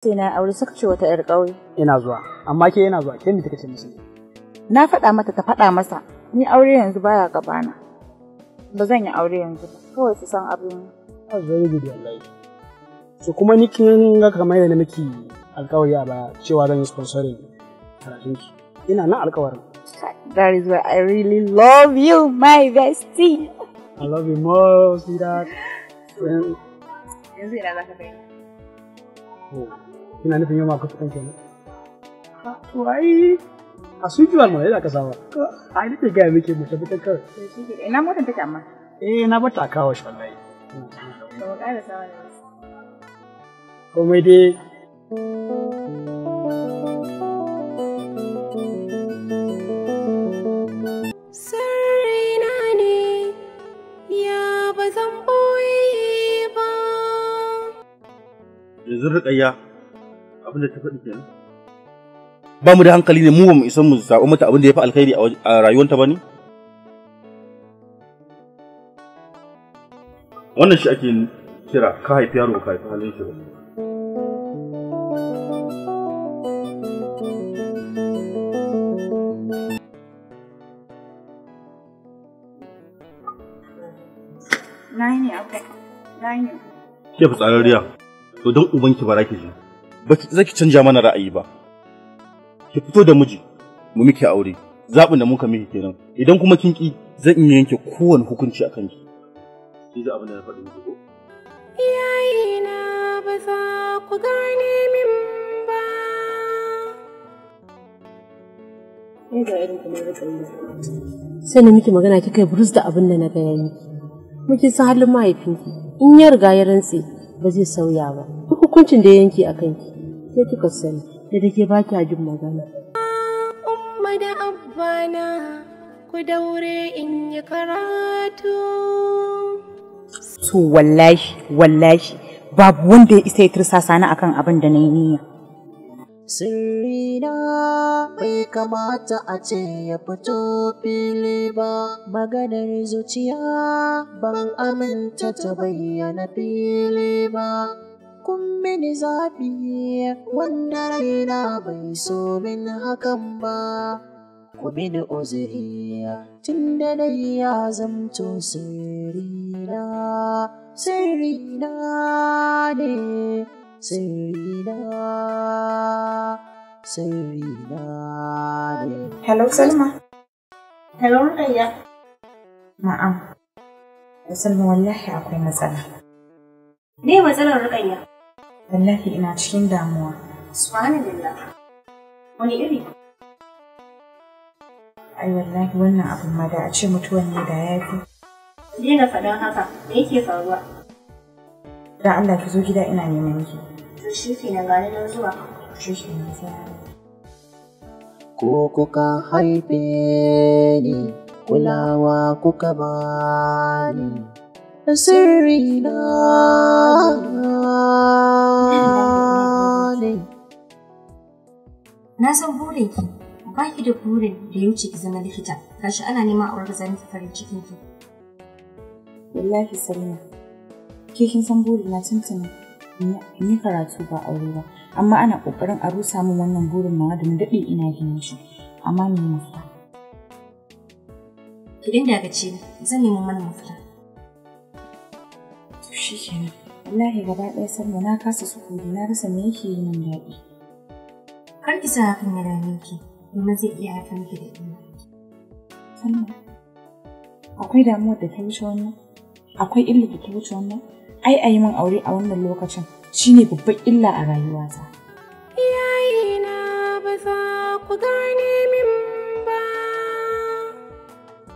sai na aure suka ce wata yar ƙauye. Ina zuwa, amma ke yana zuwa, ke ni take ce musu? Na faɗa mata ta faɗa masa, ni aure yanzu baya gabana. Ba zan yi aure yanzu ba, kawai su san abin. Ah, very good wallahi. To kuma ni kin ga kamar yadda miki alƙawari a baya cewa zan yi sponsoring karatun ki. Ina nan alƙawarin. That is why I really love you, my bestie. I love you more, sweetheart. Yanzu ina za ka Oh. kina nufin yau ma ka kuɗin kenan ah, to ai a sujuwar wani da aka saba ai nake ga muke mu tafi kan kawai ina motar take amma eh na bata kawo shi wallahi to sawa ne komai dai yanzu rikayya abin da ta faɗi kenan ba mu da hankali ne mu ba mu isa mu zaɓi mata abin da ya fi alkhairi a rayuwarta ba ne wannan shi ake kira ka haifi yaro ka haifi halin shi ba Ke tsararriya to don ubanki ba ke ji. je. ba zaki canja mana ra'ayi ba ki fito da miji mu muke aure zaɓin da muka miki kenan idan kuma kin ki zan iya yanke kowane hukunci akan ki ji abin da na faɗi miki ko iyayena ba za ku gane min ba in ga irin kuma da sai na miki magana kika yi burus da abin da na gaya miki muke san halin mahaifinki in ya riga ya rantse ba zai sauya ba duk hukuncin da ya yanke a kanki sai kika sani da take ba kya jin magana umma da abbana ku daure in yi karatu to wallahi wallahi babu wanda ya isa ya tursasa ni akan abin da na yi niyya Sirrina bai kamata a ce ya fito fili ba, maganar zuciya ban aminta ta bayyana fili ba. Kun mini zafi wanda raina bai so min hakan ba, ku mini uzuri tun da dai ya zamto sirina sirrina ne. Hello Salma. Hello Rukayya. Na'am. Salma wallahi akwai matsala. Me matsalar Rukayya? Wallahi ina cikin damuwa. Subhanallah. Wani iri? Ai wallahi wannan abin ma da a ce mutuwan ne da ya fi. Dina faɗan haka, me yake faruwa? Dan Allah ki zo gida ina neman ki to shi kenan ga nan zuwa shi kenan sai ko kuka haife ni kulawa kuka bani A sirri na ne na san burin ki ba ki da burin da ya wuce ki zama likita kashi ana neman aurar zanen farin cikin ki wallahi sallah ke kin san buri na tuntuna ni karatu ba aure ba amma ana kokarin a rusa min wannan burin nawa da daɗe ina gina shi amma ni mafita ki dinga da ce zan nemi mana mafita to shikenan wallahi gaba ɗaya sanna na kasa sukuri na rasa me yake yi min daɗi kar ki sa hakan ya dame ki domin zai iya haifar miki da ina sannan akwai damuwar da ta wuce wannan akwai illa da ta wuce wannan ai a yi min aure a wannan lokacin shine babban illa a rayuwata. Iyayena ba za ku gane min ba,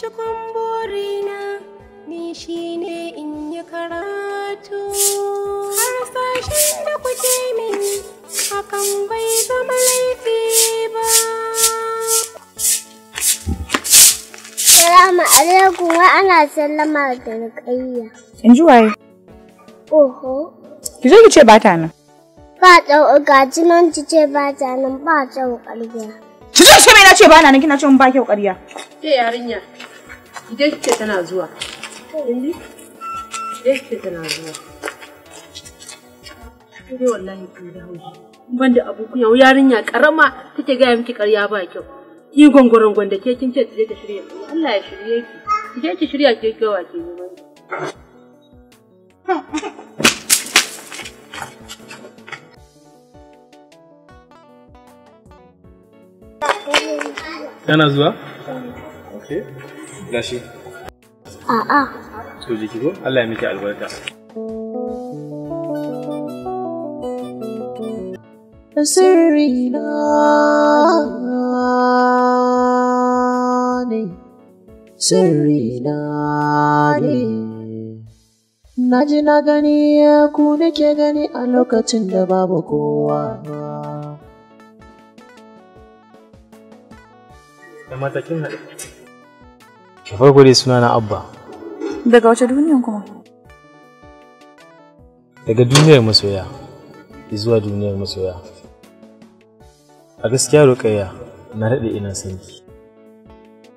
cikon burina shi ne in yi karatu. Harsashen da kuke min hakan bai zama laifi ba. Salamu alaikum wa ana sallama da ƙayya. In ji waye? Oho. Ki zo ki ce ba ta nan. Ba ɗau gaji nan ki ce ba ta nan ba ta ƙarya. Ki zo ce mai na ce ba na nan kina ce mun ba kyau ƙarya. Ke yarinya idan kike tana zuwa. Indi idan kike tana zuwa. Ke wallahi kun da haushi. Ban da abokuya yarinya karama take gaya miki ƙarya ba kyau. Ki gwangwaron gwanda ke kin ce ta shirya. Allah ya shirye ki. Ki je ki shirya ke gawa ke neman. Yana zuwa? Ok. Gashi. A'a. To jiki ko? Allah ya miki albarka. Sirri na ne, sirri na ne. Na ji na gani ku nake gani a lokacin da babu kowa. da mata kin Da farko dai suna na Abba. Daga wace duniyan kuma? Daga duniyar masoya, zuwa duniyar masoya. A gaskiya Rukayya na daɗe ina son ki.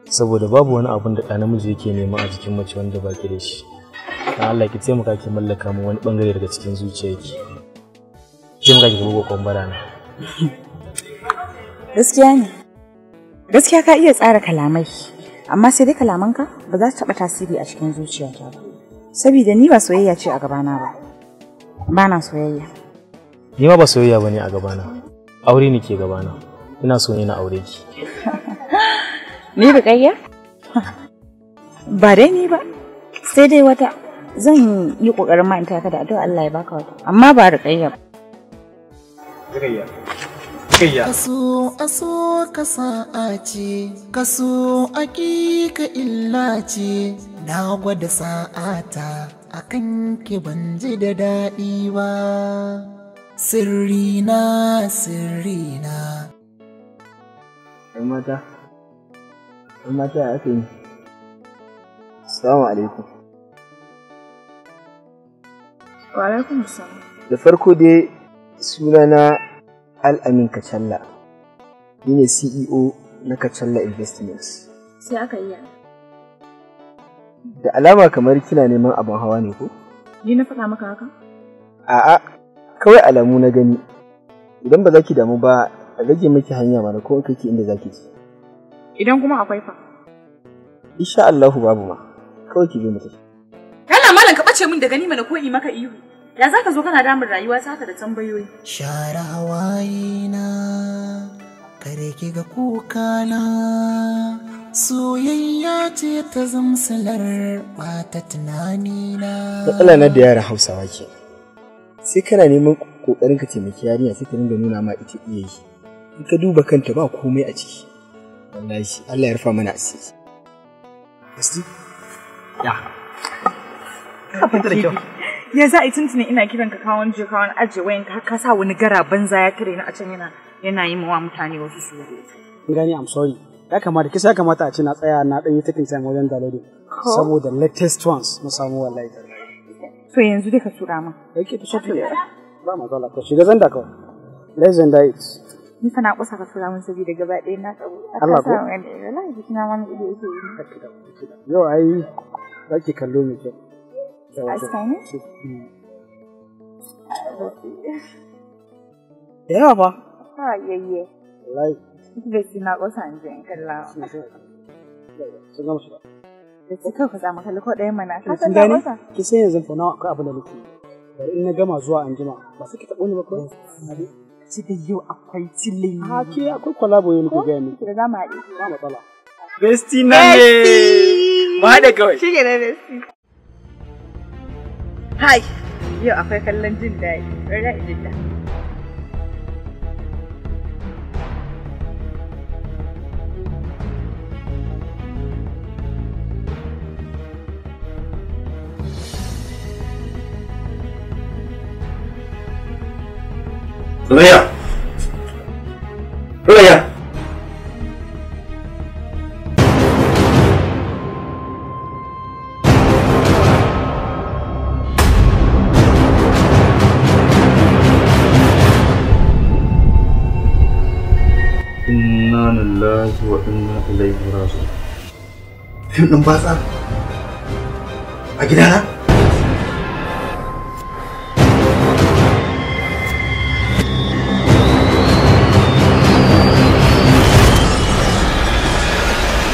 Saboda babu wani abun da ɗa namiji yake nema a jikin mace wanda ba ki da shi. Dan Allah ki taimaka ki mallaka mu wani bangare daga cikin zuciyarki. Ki taimaka ki buga kwambara na. Gaskiya ne. Gaskiya ka iya tsara kalamai, amma sai dai kalamanka ba za su taɓa tasiri a cikin zuciyata ba. Saboda ni ba soyayya ce a gabana ba. Ba na soyayya. Ni ma ba soyayya ba ne a gabana. Aure ne ke gabana. Ina so ni na aure ki. Ni Rukayya? Ba dai ni ba. Sai dai wata zan yi ƙoƙarin in taka da addu'a Allah ya baka wata. Amma ba Rukayya ba. gayya kaso aso sa'a ce kaso akika illa ce na gwada sa'ata akan ki ban ji da daɗi ba sirrina sirrina ‘yan mata mata ya ake yi salamu alaikum wa alaikum salam da farko dai sunana al'amin kacalla ni ne ceo na kacalla investments sai aka yi da alama kamar kina neman abin hawa ne ko ni na faɗa maka haka a'a kawai alamu na gani idan ba za ki damu ba a rage miki hanya mana ko kake inda za ki ci idan kuma akwai fa insha Allahu babu ma kawai ki zo mu tafi kana malam ka bace min da gani mana ko yi maka ihu Ya za ka zo kana damar rayuwa ta da tambayoyi. Share hawaye na, kare ki ga kuka na, soyayya ce ta zamsalar bata tunanina. na. Matsala na da yara Hausawa ke. Sai kana neman ƙoƙarin ka taimaki yarinya sai ka dinga nuna ma ita iya yi. In ka duba kanta ba komai a ciki. Wallahi Allah ya rufa mana asiri. Asiri? Ya. Ka fita da kyau. ya za a yi tuntuni ina kiran ka kawon je kawon ajiye wayan ka ka sa wani gara banza ya tare na a can yana yana yi mawa mutane wasu su gani i'm sorry ya kamata kisa ya kamata a ce na tsaya na dan yi ta time wajen downloading saboda latest ones na samu wallahi to yanzu dai ka tura min yake to sofi ba matsala to shiga zan da kawai let's end it ni fa na kusa ka tura min saboda gaba ɗaya na tsaro Allah ko wallahi jikina ma ido yake yi yau ai zaki kallo mai kyau Last time? Da yawa ba? Ha yayye. Wallahi. Bai na kusa in je in kalla. Sun gama shiga. Da su ka ku samu kalli ko ɗayan mana. Ka san gani? Ki sai yanzu fa nawa akwai abin da nake. Bari in na gama zuwa an jima. Ba su ki taɓo ni ba ko? Ci da yau akwai tilin. Ha ah, ke akwai kwalabo yau nake gaya miki. Da zama a haɗe. Ba matsala. Besti na ne. Ba da kawai. Shi ne besti. Hai, yau akwai kallon jin daɗi, rana idinda. Raya! Raya! inna lillahi wa inna ilaihi raji'un fim din batsa a gidana